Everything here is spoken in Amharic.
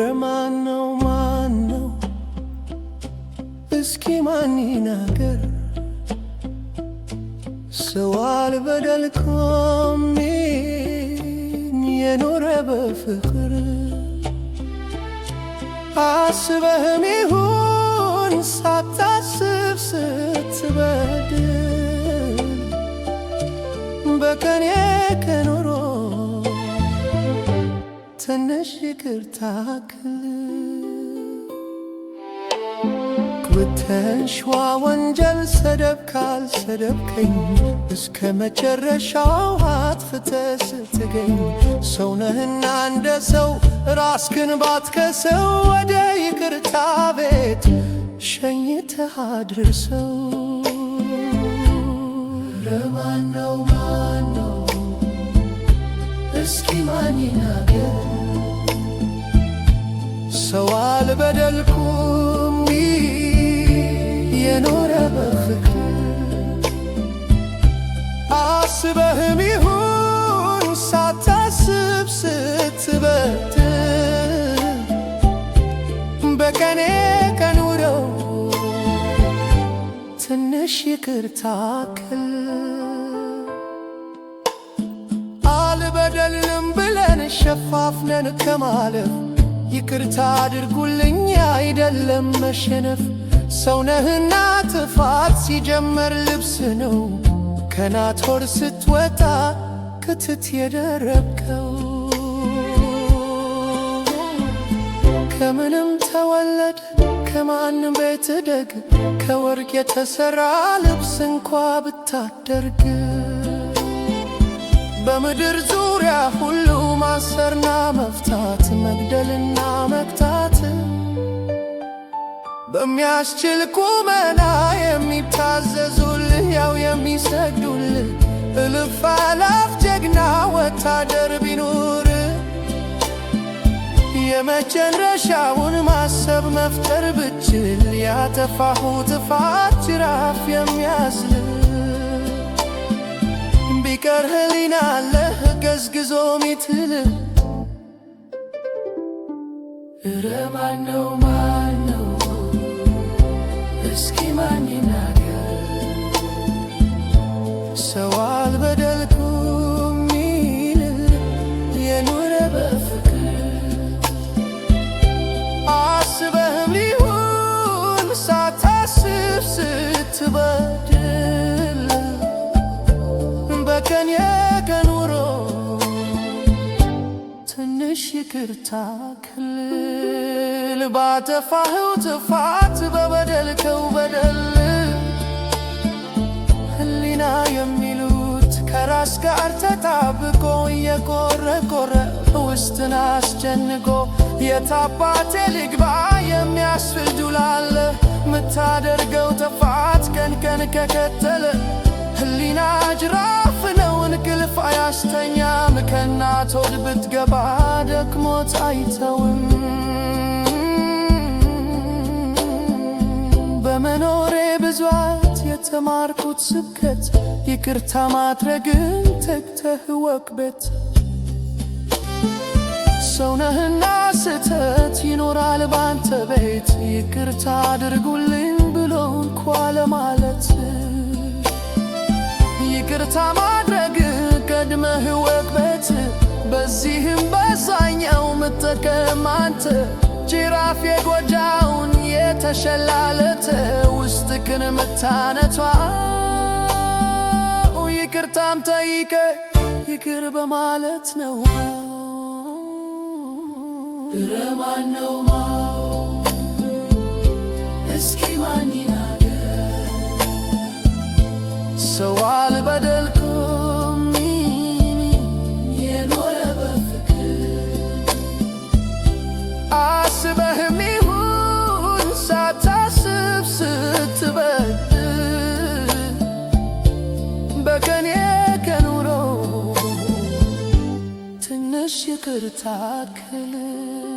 እረ ማነው ማነው እስኪ ማን ይናገር ሰው አልበደል የኖረ በፍቅር አስበህም ይሁን ሳታስብ ስትበድል በቀን የለሽ ይቅርታ ኩተሽዋ ወንጀል ሰደብ ካልሰደብከኝ እስከ መጨረሻው አጥፍተ ስትገኝ ሰውነህና እንደ ሰው ራስክን ባትከሰው ወደ ይቅርታ ቤት ሸኝተህ አድርሰው ተዋል በደልኩም የኖረ በፍቅር አስበህም ይሁን ሳታስብ ስትበትር በቀኔ ከኑረው ትንሽ ይቅርታ ክል አልበደልንም ብለን ሸፋፍነን ከማለፍ ይቅርታ አድርጉልኝ አይደለም መሸነፍ ሰውነህና ጥፋት ሲጀመር ልብስ ነው ከናቶር ስትወጣ ክትት የደረብከው ከምንም ተወለድ ከማን ቤት ደግ ከወርቅ የተሠራ ልብስ እንኳ ብታደርግ በምድር ዙሪያ ሁሉ ማሰርና መፍታት በሚያስችል ቁመና የሚታዘዙልህ ያው የሚሰግዱልህ እልፍ አላፍ ጀግና ወታደር ቢኖር የመጨረሻውን ማሰብ መፍጠር ብችል ያጠፋሁ ጥፋት ጅራፍ የሚያስል ቢቀር ህሊና አለህ ገዝግዞ ሚትል እረ ማ እስኪማኝ ነገር ሰው አልበደልኩም ሚል የኖረ በፍቅር አስበህም ሊሆን ሳታስብ ስትበድል በቀን የቀን ውሎ ትንሽ ይቅርታ ክልል በደል ባጠፋኸው ጥፋት በበደልከው በደል ህሊና የሚሉት ከራስ ጋር ተጣብቆ እየቆረቆረ ውስጥን አስጨንቆ የታባቴ ልግባ የሚያስብል ዱላለ ምታደርገው ጥፋት ቀን ቀን ከከተለ ሕሊና ጅራፍ ነው እንቅልፍ አያስተኛም ከናቶል ብትገባ ደክሞት አይተውም። ከመኖሬ ብዛት የተማርኩት ስብከት ይቅርታ ማድረግን ተግተህ ወቅ ሰውነህና ስህተት ይኖራል ባንተ ቤት ይቅርታ አድርጉልኝ ብሎ እንኳ ለማለት ይቅርታ ማድረግ ቀድመህ ወቅበት በዚህም በዛኛው ምጠቀም አንተ ጅራፍ የጎዳውን የተሸላለተ በጌታነቷ ይቅርታም ጠይቀ ይቅር በማለት ነው። ረማን ነው እስኪ ማን ይናገር kır takılı